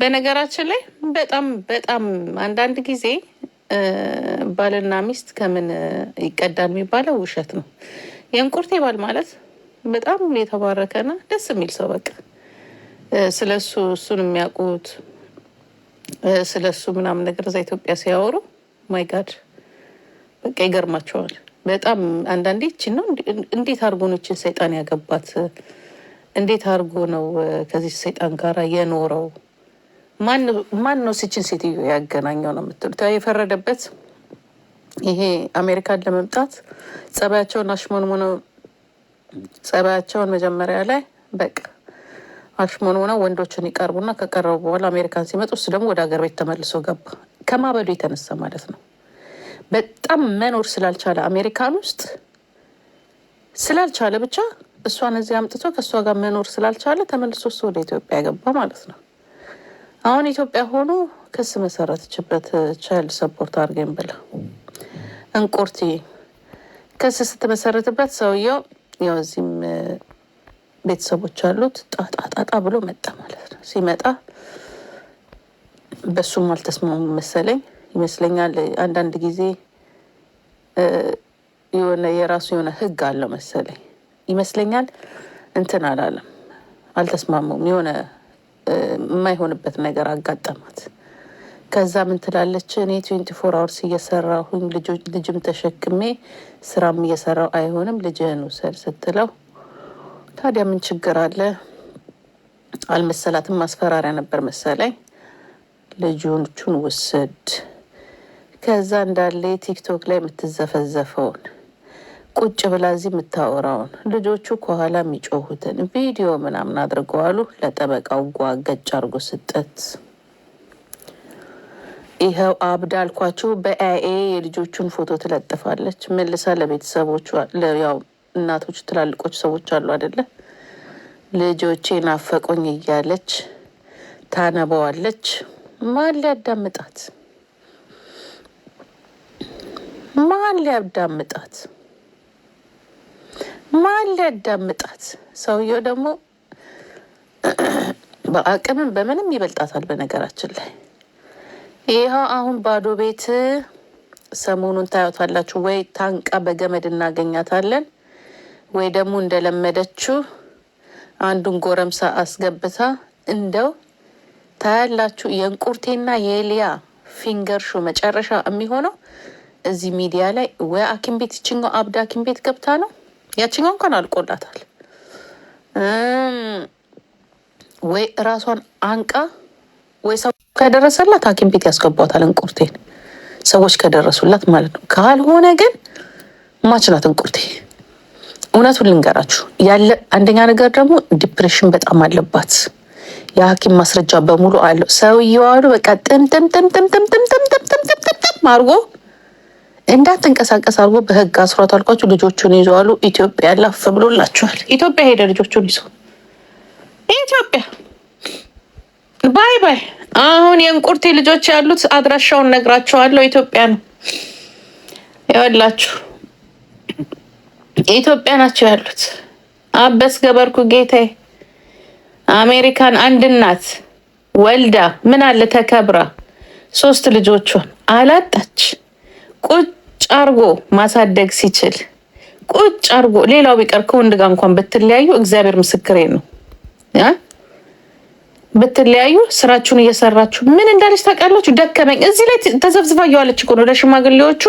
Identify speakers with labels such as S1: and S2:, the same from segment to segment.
S1: በነገራችን ላይ በጣም በጣም አንዳንድ ጊዜ ባልና ሚስት ከምን ይቀዳል የሚባለው ውሸት ነው። የእንቁርቴ ባል ማለት በጣም የተባረከና ደስ የሚል ሰው በቃ ስለ እሱ እሱን የሚያውቁት ስለ እሱ ምናምን ነገር እዛ ኢትዮጵያ ሲያወሩ ማይጋድ በቃ ይገርማቸዋል። በጣም አንዳንዴ ይችን ነው እንዴት አድርጎ ነው ይችን ሰይጣን ያገባት? እንዴት አድርጎ ነው ከዚህ ሰይጣን ጋር የኖረው? ማን ነው ስችን ሴትዮ ያገናኘው ነው የምትሉት? የፈረደበት ይሄ አሜሪካን ለመምጣት ጸባያቸውን አሽሞንሙነው ጸባያቸውን መጀመሪያ ላይ በቃ አሽሞንሙነው ወንዶችን ይቀርቡና ከቀረቡ በኋላ አሜሪካን ሲመጡ እሱ ደግሞ ወደ ሀገር ቤት ተመልሶ ገባ። ከማበዱ የተነሳ ማለት ነው። በጣም መኖር ስላልቻለ አሜሪካን ውስጥ ስላልቻለ ብቻ እሷን እዚህ አምጥቶ ከእሷ ጋር መኖር ስላልቻለ ተመልሶ እሱ ወደ ኢትዮጵያ ገባ ማለት ነው። አሁን ኢትዮጵያ ሆኖ ክስ መሰረተችበት ቻይልድ ሰፖርት አድርገን ብላ እንቁርቲ ክስ ስትመሰረትበት ሰውየው ያው እዚህም ቤተሰቦች አሉት። ጣጣጣጣ ብሎ መጣ ማለት ነው። ሲመጣ በሱም አልተስማሙ መሰለኝ ይመስለኛል። አንዳንድ ጊዜ የሆነ የራሱ የሆነ ህግ አለው መሰለኝ ይመስለኛል። እንትን አላለም፣ አልተስማሙም የሆነ የማይሆንበት ነገር አጋጠማት። ከዛ ምን ትላለች? እኔ ትዌንቲ ፎር አወርስ እየሰራሁኝ ልጅም ተሸክሜ ስራም እየሰራው አይሆንም፣ ልጅህን ውሰድ ስትለው ታዲያ ምን ችግር አለ አልመሰላትም። ማስፈራሪያ ነበር መሰለኝ። ልጆቹን ውሰድ ከዛ እንዳለ ቲክቶክ ላይ የምትዘፈዘፈውን ቁጭ ብላ እዚህ የምታወራውን ልጆቹ ከኋላ የሚጮሁትን ቪዲዮ ምናምን አድርገዋሉ። ለጠበቃው ጓገጭ አድርጎ ስጠት። ይኸው አብዳልኳችሁ በኤኤ የልጆቹን ፎቶ ትለጥፋለች መልሳ ለቤተሰቦቹ። ያው እናቶች ትላልቆች ሰዎች አሉ አደለ? ልጆቼ ናፈቆኝ እያለች ታነበዋለች። ማን ሊያዳምጣት? ማን ሊያዳምጣት? ማን ሊያዳምጣት? ሰውየው ደግሞ በአቅምም በምንም ይበልጣታል። በነገራችን ላይ ይኸው አሁን ባዶ ቤት ሰሞኑን ታዩታላችሁ ወይ ታንቃ በገመድ እናገኛታለን፣ ወይ ደግሞ እንደለመደችው አንዱን ጎረምሳ አስገብታ እንደው ታያላችሁ። የእንቁርቴና የሊያ ፊንገር ሾ መጨረሻ የሚሆነው እዚህ ሚዲያ ላይ ወይ አኪም ቤት ይችኛው አብድ አኪም ቤት ገብታ ነው ያችኛው እንኳን አልቆላታል ወይ እራሷን አንቃ ወይ ሰው ከደረሰላት ሐኪም ቤት ያስገባታል እንቁርቴን ሰዎች ከደረሱላት ማለት ነው። ካልሆነ ግን ማችናት እንቁርቴ እውነቱን ልንገራችሁ ያለ አንደኛ ነገር ደግሞ ዲፕሬሽን በጣም አለባት። የሐኪም ማስረጃ በሙሉ አለው። ሰውየዋሉ በቃ ጥምጥምጥምጥምጥምጥምጥምጥምጥምጥም አድርጎ እንዳትንቀሳቀስ አድርጎ በህግ አስሯት አልኳቸው። ልጆቹን ይዘዋሉ። ኢትዮጵያ ላፍ ብሎላችኋል። ኢትዮጵያ ሄደ ልጆቹን ይዞ ኢትዮጵያ ባይ ባይ። አሁን የእንቁርቴ ልጆች ያሉት አድራሻውን ነግራቸዋለሁ። ኢትዮጵያ ነው ይወላችሁ። ኢትዮጵያ ናቸው ያሉት። አበስ ገበርኩ ጌታዬ። አሜሪካን አንድ እናት ወልዳ ምን አለ ተከብራ ሶስት ልጆቿን አላጣች። ቁጭ አርጎ ማሳደግ ሲችል ቁጭ አርጎ ሌላው ቢቀር ከወንድ ጋር እንኳን ብትለያዩ እግዚአብሔር ምስክሬ ነው። ብትለያዩ ስራችሁን እየሰራችሁ ምን እንዳለች ታውቃላችሁ? ደከመኝ እዚህ ላይ ተዘብዝባ እየዋለች እኮ ነው ለሽማግሌዎቹ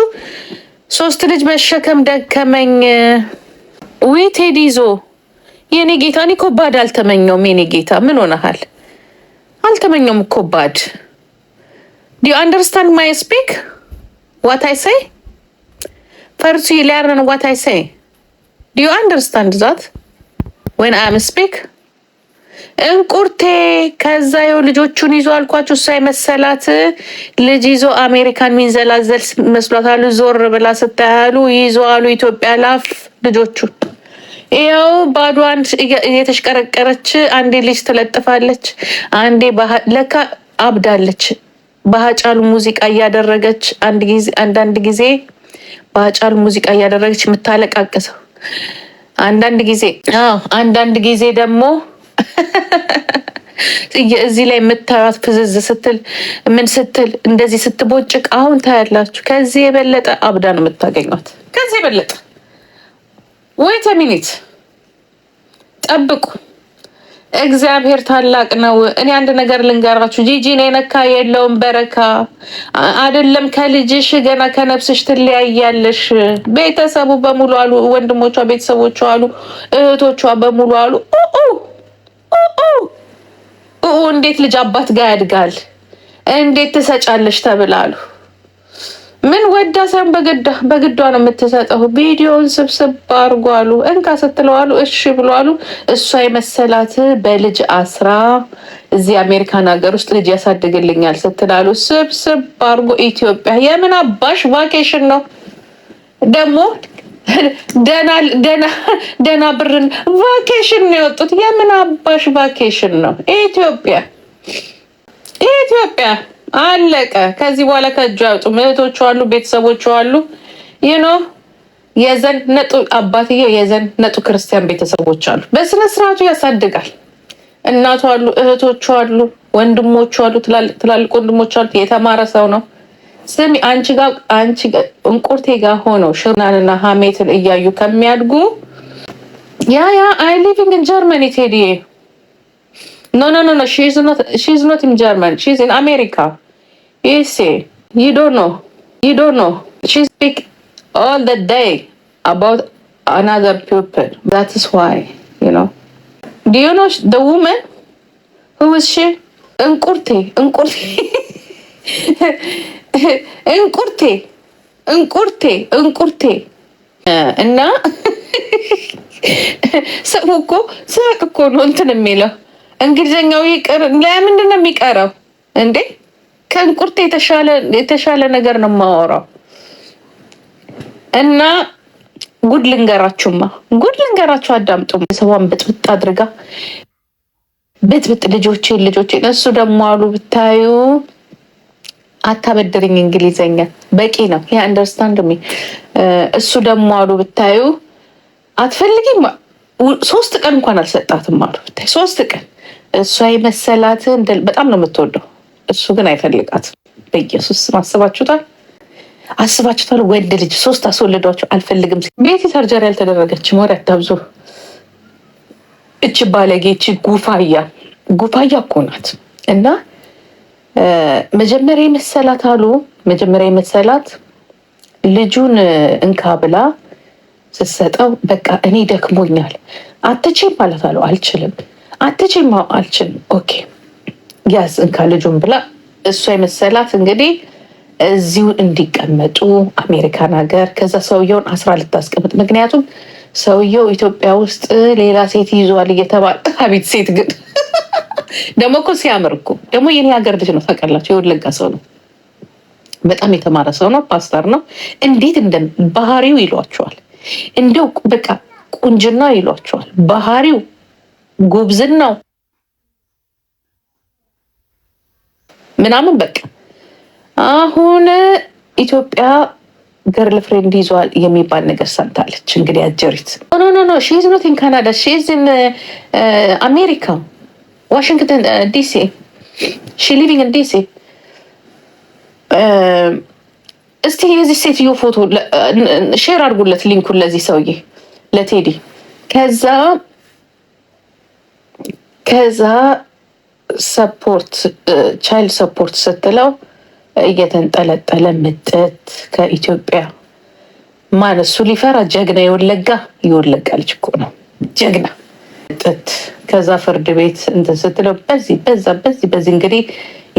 S1: ሶስት ልጅ መሸከም ደከመኝ። ዊ ቴዲ ይዞ የኔ ጌታ እኔ እኮ ባድ አልተመኘውም። የኔ ጌታ ምን ሆነሃል? አልተመኘውም ኮባድ። ዲ አንደርስታንድ ማይ ስፒክ ዋት አይ ሴይ ፈርሱ ሊያርን ዋት አይ ሴይ ዩ አንደርስታንድ ዛት ወን አም ስፒክ እንቁርቴ ከዛ የው ልጆቹን ይዞ አልኳችሁ። እሷ የመሰላት ልጅ ይዞ አሜሪካን ሚንዘላዘል መስሏታሉ። ዞር ብላ ስታያሉ ይዞ አሉ ኢትዮጵያ ላፍ ልጆቹን ይኸው ባዶ አንድ እየተሽቀረቀረች አንዴ ልጅ ትለጥፋለች፣ አንዴ ለካ አብዳለች። በሀጫሉ ሙዚቃ እያደረገች አንዳንድ ጊዜ በሀጫሉ ሙዚቃ እያደረገች የምታለቃቅሰው አንዳንድ ጊዜ አንዳንድ ጊዜ ደግሞ እዚህ ላይ የምታዩት ፍዝዝ ስትል ምን ስትል እንደዚህ ስትቦጭቅ አሁን ታያላችሁ። ከዚህ የበለጠ አብዳ ነው የምታገኟት። ከዚህ የበለጠ ወይ ሚኒት ጠብቁ። እግዚአብሔር ታላቅ ነው። እኔ አንድ ነገር ልንገራችሁ፣ ጂጂን የነካ የለውም በረካ አይደለም። ከልጅሽ ገና ከነፍስሽ ትለያያለሽ። ቤተሰቡ በሙሉ አሉ፣ ወንድሞቿ፣ ቤተሰቦቿ አሉ፣ እህቶቿ በሙሉ አሉ። እንዴት ልጅ አባት ጋር ያድጋል? እንዴት ትሰጫለሽ ተብላሉ። ምን ወዳ ሳይሆን በግዳ በግዷ ነው የምትሰጠው። ቪዲዮውን ስብስብ አድርጎ አሉ እንካ ስትለው አሉ እሺ ብሎ አሉ። እሷ የመሰላት በልጅ አስራ እዚህ አሜሪካን ሀገር ውስጥ ልጅ ያሳድግልኛል ስትላሉ ስብስብ አርጎ ኢትዮጵያ። የምን አባሽ ቫኬሽን ነው ደግሞ ደና ብርን ቫኬሽን ነው የወጡት። የምን አባሽ ቫኬሽን ነው ኢትዮጵያ ኢትዮጵያ አለቀ። ከዚህ በኋላ ከእጁ ያውጡ። እህቶቹ አሉ፣ ቤተሰቦቹ አሉ። ይህ ነው ነጡ አባትየው ነጡ ክርስቲያን ቤተሰቦች አሉ። በስነ ስርዓቱ ያሳድጋል። እናቱ አሉ፣ እህቶቹ አሉ፣ ወንድሞቹ አሉ፣ ትላልቅ ወንድሞች አሉ። የተማረ ሰው ነው። ስሚ አንቺ ጋር አንቺ እንቁርቴ ጋር ሆነው ሽናንና ሀሜትን እያዩ ከሚያድጉ ያ ያ አይ ሊቪንግ ኢን ጀርመኒ ቴዲ ኖ ኖ ኖ ኖ ሺ ኢዝ ኖት ኢን ጀርመን ሺ ኢዝ ኢን አሜሪካ ዩኤስኤ ዩ ዶንት ኖ ዩ ዶንት ኖ ሺ ስፒክ ኦል ዘ ዴይ አባውት አናዘር ፒፕል ዛት ኢዝ ዋይ ዩ ኖ ዱ ዩ ኖ ዘ ውመን ሁ ኢዝ ሺ እንቁርቴ እንቁርቴ እንቁርቴ እንቁርቴ እንቁርቴ እና ሰው እኮ ሳቅ እኮ ነው እንትን የሚለው እንግሊዝኛው ይቅር። ለምንድን ነው የሚቀረው እንዴ? ከእንቁርት የተሻለ ነገር ነው የማወራው። እና ጉድ ልንገራችሁማ፣ ጉድ ልንገራችሁ። አዳምጡ። ሰቧን ብጥብጥ አድርጋ ብጥብጥ፣ ልጆቼን ልጆቼን። እሱ ደግሞ አሉ ብታዩ አታበድርኝ እንግሊዘኛ በቂ ነው። አንደርስታንድ ሚ እሱ ደግሞ አሉ ብታዩ አትፈልጊም ሶስት ቀን እንኳን አልሰጣትም አሉ። ሶስት ቀን እሷ የመሰላት በጣም ነው የምትወደው፣ እሱ ግን አይፈልጋትም። በኢየሱስ አስባችሁታል? አስባችሁታል? ወንድ ልጅ ሶስት አስወልዷቸው አልፈልግም። ቤት ሰርጀሪ ያልተደረገችም ወሬ አታብዙ። እች ባለጌ፣ እች ጉፋያ ጉፋያ እኮ ናት። እና መጀመሪያ የመሰላት አሉ መጀመሪያ የመሰላት ልጁን እንካ ብላ ስትሰጠው በቃ እኔ ደክሞኛል አትቼም ማለት አለው አልችልም፣ አትቼም አልችልም። ኦኬ ያዝ እንካ ልጁን ብላ እሷ የመሰላት እንግዲህ እዚሁ እንዲቀመጡ አሜሪካን ሀገር ከዛ ሰውየውን አስራ ልታስቀምጥ ምክንያቱም ሰውየው ኢትዮጵያ ውስጥ ሌላ ሴት ይዟል እየተባለ አቤት ሴት ግን ደግሞ እኮ ሲያምር እኮ ደግሞ የኔ ሀገር ልጅ ነው ታውቃላችሁ። የወለጋ ሰው ነው፣ በጣም የተማረ ሰው ነው፣ ፓስተር ነው። እንዴት እንደ ባህሪው ይሏቸዋል እንደው በቃ ቁንጅና ይሏቸዋል። ባህሪው፣ ጉብዝናው ምናምን በቃ አሁን ኢትዮጵያ ገርል ፍሬንድ ይዟል የሚባል ነገር ሰምታለች። እንግዲህ አጀሪት ኖ ኖ ኖ ሺ ኖት ኢን ካናዳ ሺ ኢዝ ኢን አሜሪካ ዋሽንግተን ዲሲ ሺ ሊቪንግ ኢን ዲሲ እስቲ የዚህ ሴትዮ ፎቶ ሼር አድርጉለት ሊንኩን ለዚህ ሰውዬ ለቴዲ። ከዛ ከዛ ሰፖርት ቻይልድ ሰፖርት ስትለው እየተንጠለጠለ ምጥት ከኢትዮጵያ ማን እሱ ሊፈራ ጀግና የወለጋ የወለጋ ልጅ እኮ ነው ጀግና ምጥት ከዛ ፍርድ ቤት እንትን ስትለው በዚህ በዛ በዚህ በዚህ እንግዲህ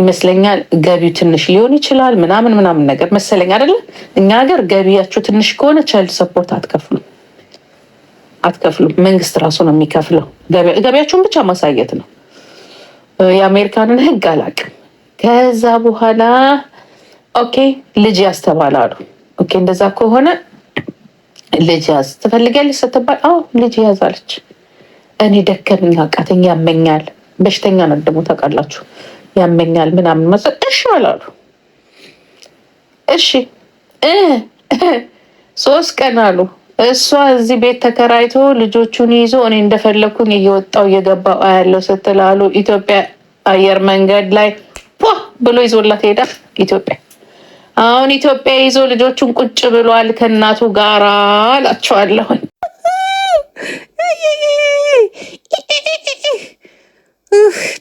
S1: ይመስለኛል ገቢው ትንሽ ሊሆን ይችላል ምናምን ምናምን ነገር መሰለኝ አይደለ? እኛ ሀገር ገቢያችሁ ትንሽ ከሆነ ቻይልድ ሰፖርት አትከፍሉ አትከፍሉ መንግስት ራሱ ነው የሚከፍለው። ገቢያችሁን ብቻ ማሳየት ነው። የአሜሪካንን ህግ አላውቅም። ከዛ በኋላ ኦኬ ልጅ ያስተባል አሉ ኦኬ እንደዛ ከሆነ ልጅ ያዝ ትፈልጊያለሽ ስትባል አዎ ልጅ ያዛለች። እኔ ደከመኝ አቃተኝ ያመኛል። በሽተኛ ነው ደግሞ ታውቃላችሁ ያመኛል ምናምን መሰል። እሺ አላሉ። እሺ ሶስት ቀን አሉ። እሷ እዚህ ቤት ተከራይቶ ልጆቹን ይዞ እኔ እንደፈለግኩኝ እየወጣው እየገባው አያለው ስትላሉ ኢትዮጵያ አየር መንገድ ላይ ብሎ ይዞላት ሄዳ ኢትዮጵያ አሁን ኢትዮጵያ ይዞ ልጆቹን ቁጭ ብሏል ከእናቱ ጋራ አላቸዋለሁን።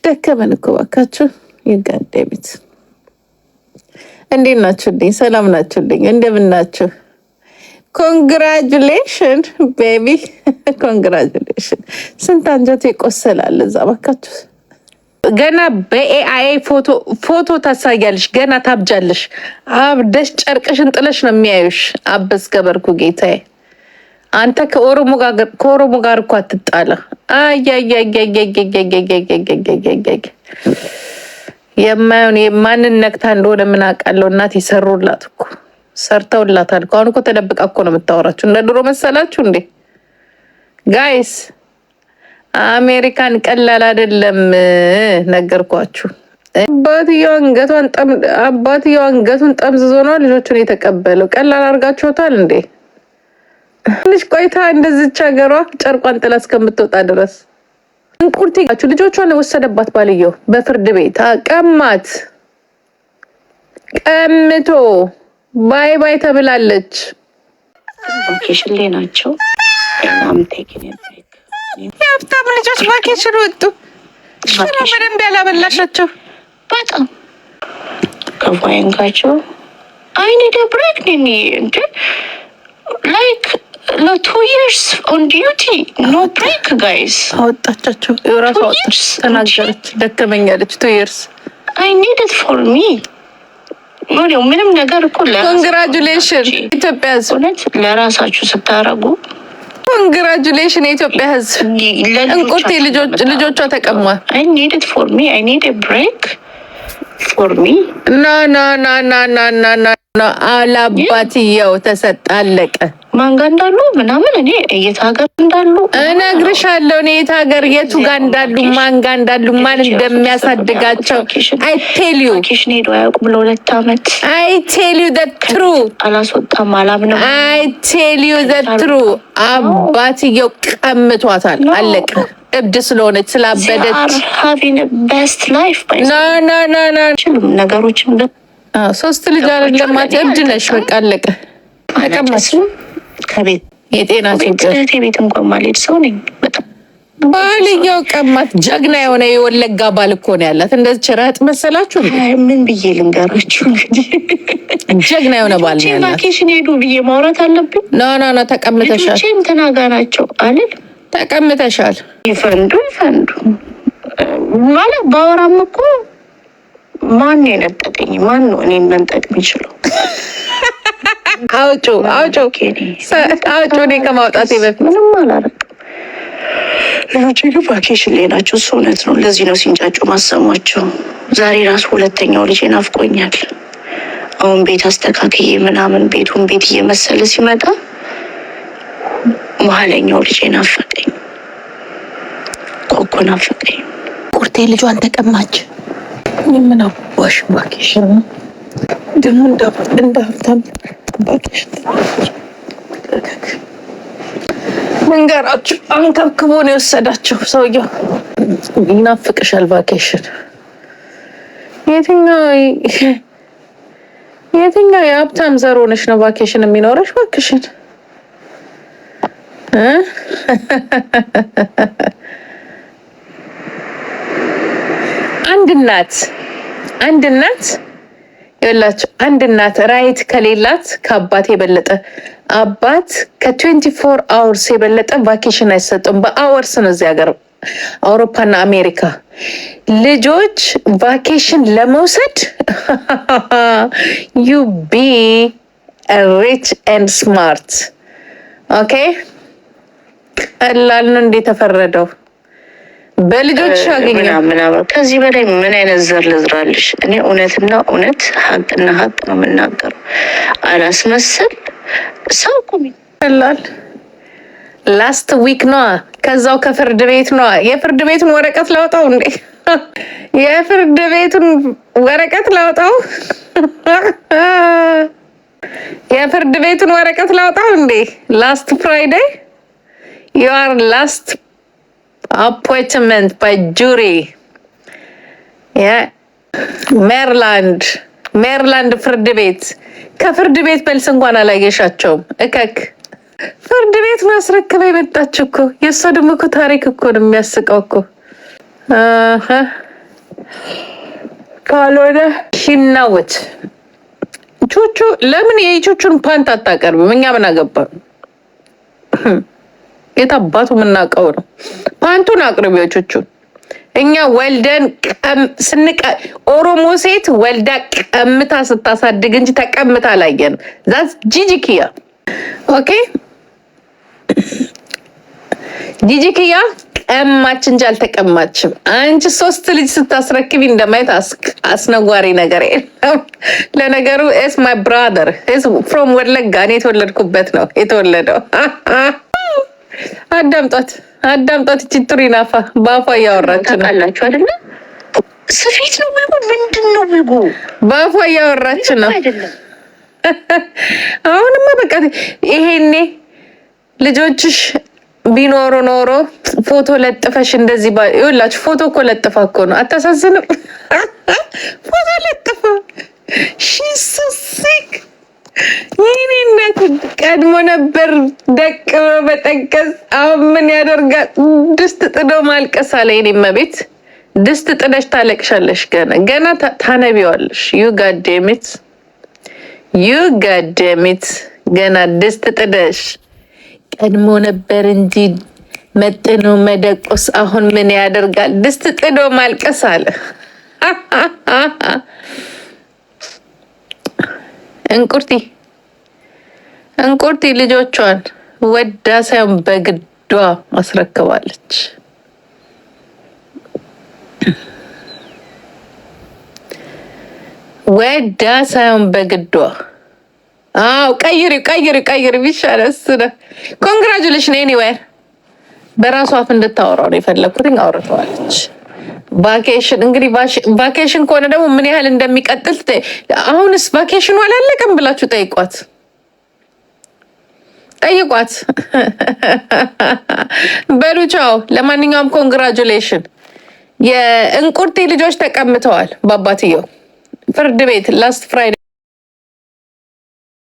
S1: ደከመን እኮ እባካችሁ። ይጋደሚት እንዴት ናችሁልኝ? ሰላም ናችሁልኝ? እንደምን ናችሁ? ኮንግራጁሌሽን ቤቢ ኮንግራጁሌሽን። ስንት አንጀት ይቆሰላል እዛ ገና በኤአይ ፎቶ ታሳያለሽ፣ ገና ታብጃለሽ። አብደሽ ጨርቅሽን ጥለሽ ነው የሚያዩሽ። አበስ ገበርኩ ጌታዬ፣ አንተ ከኦሮሞ ጋር እኮ አትጣላ። አያያያያያያያያያያያያያ የማየውን የማንን ነግታ እንደሆነ ምን አውቃለሁ። እናት ይሰሩላት እኮ ሰርተውላታል። ከአሁን እኮ ተደብቃ እኮ ነው የምታወራችሁ። እንደ ድሮ መሰላችሁ እንዴ ጋይስ? አሜሪካን ቀላል አይደለም። ነገርኳችሁ። አባትየው አባትየው አንገቱን ጠምዝዞ ነው ልጆቹን የተቀበለው። ቀላል አድርጋችሁታል እንዴ? ትንሽ ቆይታ እንደዚች ሀገሯ ጨርቋን ጥላ እስከምትወጣ ድረስ እንቁርቲ ልጆቿን የወሰደባት ባልየው በፍርድ ቤት ቀማት። ቀምቶ ባይ ባይ ተብላለች። ቫኬሽን ላይ ናቸው። የሀብታም ልጆች ቫኬሽን ወጡ። ሽራ በደንብ ያላበላሻቸው በጣም ከፋይንካቸው አይኔ ደብረክ ኔ ላይክ ለቱ ይርስ ኦን ዲዩቲ ኖ ብሬክ ጋይስ አወጣቻቸው። ራሱ አወጣች፣ ተናገረች። ደከመኛለች። ቱ ይርስ አይ ኒድ ኢት ፎር ሚ ምንም ነገር እኮ ኮንግራጁሌሽን ኢትዮጵያ ሕዝብ ለራሳችሁ ስታረጉ ኮንግራጁሌሽን የኢትዮጵያ ህዝብ እንቁርቴ ልጆቿ ተቀማ። አይ ኒድ ኢት ፎር ሚ አይ ኒድ ብሬክ ፎር ሚ ና ና ና ና ና ና ና አላባትየው ተሰጣ ማንጋ እንዳሉ ምናምን እኔ የት ሀገር እንዳሉ እነግርሻለሁ። እኔ የት ሀገር የቱ ጋር እንዳሉ ማንጋ እንዳሉ ማን እንደሚያሳድጋቸው አይቴልዩ ኪሽን ሄዶ አያውቁም ለሁለት ዓመት አይቴልዩ ዘትሩ አላስወጣም አላምነው አይቴልዩ ዘትሩ አባትየው ቀምቷታል። አለቀ። እብድ ስለሆነች ስላበደች በስት ላይፍ ነገሮችን ሶስት ልጅ አለማት እብድ ነሽ። በቃ አለቀ። ተቀማሽ ከቤት የጤና ችግር ቤት እንኳን ማልሄድ ሰው ነኝ። በጣም ባልየው ቀማት። ጀግና የሆነ የወለጋ ባል እኮ ነው ያላት። እንደዚህ ችረጥ መሰላችሁ። ምን ብዬ ልንገራችሁ እንግዲህ ጀግና የሆነ ባል ነው ያላት። ቫኬሽን ሄዱ ብዬ ማውራት አለብኝ? ኖ ኖ ኖ፣ ተቀምተሻል። ቼም ተናጋ ናቸው አልል ተቀምተሻል። ይፈንዱ ይፈንዱ ማለት ባወራም እኮ ማን የነጠቀኝ? ማን ነው እኔን መንጠቅ የሚችለው? አውጩ አውጩ አውጩ። እኔ ከማውጣቴ በፊት ምንም አላደረግም። ልጆች ግን ቫኬሽን ላይ ናቸው። እሱ እውነት ነው። ለዚህ ነው ሲንጫጩ ማሰማቸው። ዛሬ ራሱ ሁለተኛው ልጅ ናፍቆኛል። አሁን ቤት አስተካክዬ ምናምን ቤቱን ቤት እየመሰለ ሲመጣ መሀለኛው ልጅ ናፈቀኝ፣ ኮኮ ናፈቀኝ። ቁርቴ ልጇን ተቀማች። ምን አባሽ ቫኬሽን ነው ደግሞ እንደ ሀብታም ጠባቂሽ መንገራችሁ አንከብክቦ ነው የወሰዳቸው። ሰውየው ይናፍቅሻል። ቫኬሽን የትኛው የትኛው የሀብታም ዘር ሆነሽ ነው ቫኬሽን የሚኖረሽ? እባክሽን አንድ እናት አንድ እናት ይላቸው አንድ እናት ራይት ከሌላት ከአባት የበለጠ አባት ከትዌንቲ ፎር አወርስ የበለጠ ቫኬሽን አይሰጡም። በአወርስ ነው እዚህ ሀገር አውሮፓና አሜሪካ ልጆች ቫኬሽን ለመውሰድ ዩ ቢ ሪች ኤንድ ስማርት ኦኬ። ቀላል ነው እንዴ ተፈረደው? በልጆች ምናምን ከዚህ በላይ ምን አይነት ዘር ልዝራልሽ? እኔ እውነትና እውነት ሀቅና ሀቅ ነው የምናገሩ። አላስመስል ሰው ቁሚ ይላል። ላስት ዊክ ነዋ፣ ከዛው ከፍርድ ቤት ነዋ። የፍርድ ቤቱን ወረቀት ላውጣው እንዴ? የፍርድ ቤቱን ወረቀት ላውጣው፣ የፍርድ ቤቱን ወረቀት ላውጣው እንዴ? ላስት ፍራይዴይ ዩአር ላስት አፖይንትመንት ባይ ጁሪ ሜሪላንድ ሜሪላንድ ፍርድ ቤት ከፍርድ ቤት መልስ እንኳን አላየሻቸውም። እከክ ፍርድ ቤት ማስረክበ የመጣች እኮ የእሷ ደግሞ እኮ ታሪክ እኮ ነው የሚያስቀው እኮ ካልሆነ ሽናወት ቹቹ ለምን የቹቹን ፓንት አታቀርብም? እኛ ምን አገባ? የታባቱ የምናውቀው ነው። ፓንቱን አቅርቢዎቹን እኛ ወልደን ስንቀ ኦሮሞ ሴት ወልዳ ቀምታ ስታሳድግ እንጂ ተቀምታ አላየን። ዛስ ጂጂክያ ኦኬ፣ ጂጂክያ ቀማች እንጂ አልተቀማችም። አንቺ ሶስት ልጅ ስታስረክቢ እንደማየት አስነዋሪ ነገር የለም። ለነገሩ ስ ማይ ብራደር ፍሮም ወለጋ እኔ የተወለድኩበት ነው የተወለደው አዳምጧት፣ አዳምጧት። እቺ ጥሪ ናፋ በአፏ እያወራች ነው ታውቃላችሁ አይደለ? ስፌት ነው ዊጉ። ምንድን ነው ዊጉ? በአፏ እያወራች ነው። አሁንማ በቃ ይሄኔ ልጆችሽ ቢኖሩ ኖሮ ፎቶ ለጥፈሽ እንደዚህ ባ ይላችሁ። ፎቶ እኮ ለጥፋ እኮ ነው። አታሳዝንም? ፎቶ ለጥፋ ሺ ሶ ሲክ ወይኔ እናት ቀድሞ ነበር ደቅ በጠቀስ አሁን ምን ያደርጋል? ድስት ጥዶ ማልቀስ አለ። ይኔ ቤት ድስት ጥደሽ ታለቅሻለሽ። ገና ገና ታነቢዋለሽ። ዩ ጋዴሚት ዩ ጋዴሚት ገና ድስት ጥደሽ ቀድሞ ነበር እንጂ መጥኖ መደቆስ አሁን ምን ያደርጋል? ድስት ጥዶ ማልቀስ አለ። እንቁርቲ እንቁርቲ ልጆቿን ወዳ ሳይሆን በግዷ አስረክባለች። ወዳ ሳይሆን በግዷ። አው ቀይሪ ቀይሪ ቀይሪ ቢሻለ እሱ ነው። ኮንግራጁሌሽን ኤኒዌር በራሷ አፍ እንድታወራው ነው የፈለኩትኝ አውርተዋለች። ቫኬሽን እንግዲህ ቫኬሽን ከሆነ ደግሞ ምን ያህል እንደሚቀጥል አሁንስ ቫኬሽኑ አላለቀም ብላችሁ ጠይቋት ጠይቋት። በሉ ቻው። ለማንኛውም ኮንግራጁሌሽን የእንቁርቴ ልጆች ተቀምጠዋል በአባትየው ፍርድ ቤት ላስት ፍራይዴ